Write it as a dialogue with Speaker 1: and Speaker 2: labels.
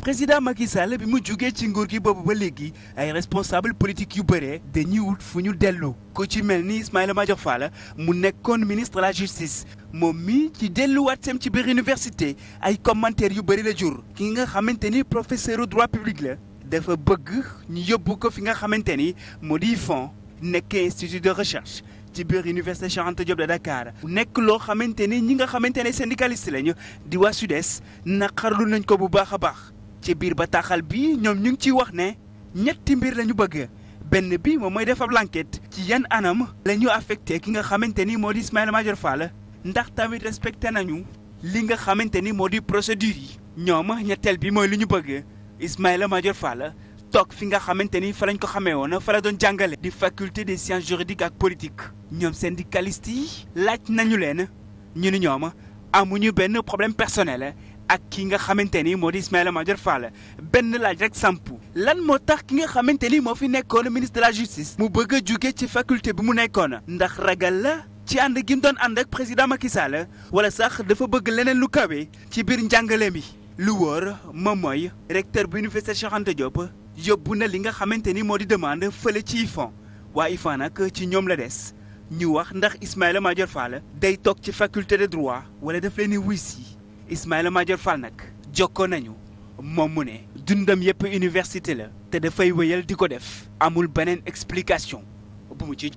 Speaker 1: président Macky Sall bi mu jugee ci nguur gi boobu ba léegi ay responsable politique yu bëree dañuy wut fu ñu dellu ku ci mel ni Ismaïla Madior Fall mu nekkoon ministre de la justice moom mi ci delluwaat sem ci biir université ay commentaires yu bëri la jur ki nga xamante ni professeur droit public la dafa bëgg ñu yóbbu ko fi nga xamante ni moo di fond nekk institut de recherche ci biir université Cheikh Anta Diop de Dakar nekk loo xamante ni ñi nga xamante ne syndicaliste lañu di waa SUDES naqarlu nañ ko bu baax a baax ci biir bataaxal bi ñoom ñu ngi ciy wax ne ñetti mbir lañu bëgg benn bi moom mooy def ab enquête ci yan anam la ñu affecté ki nga xamante ni moo di Ismaïla Madior la ndax tamit respecté nañu li nga xamante ni moo di procédure yi ñoom ñetteel bi mooy li ñu bëgg Ismaïla Madior la toog fi nga xamante ni fa lañ ko xamee woon fa la doon jàngale di faculté des sciences juridiques ak politique ñoom syndicalistes yi laaj nañu leen ñu ni ñoom amuñu benn problème personnel ak ki nga xamante ni moo di major Madior Fall benn laaj rek samp lan moo tax ki nga xamante ni moo fi nekkoon ministre la justice mu bëgg a jóge ci faculté bi mu nekkoon ndax ragal la ci ànd gi mu doon ànd ak président Macky Sall wala sax dafa bëgg leneen lu kawee ci biir njàngale mi lu wóor moom mooy recteur bu université Cheikh Anta Diop yóbbu na li nga xamante ni moo di demande fële ci IFAN waa IFAN nag ci ñoom la des ñu wax ndax Ismaïla Madior Fall day toog ci faculté de droit wala daf leen di wuy Ismaïla Madior Fall nag jokkoo nañu moom mu ne dundam yépp université la te dafay wéyal di ko def amul beneen explication bu mu ci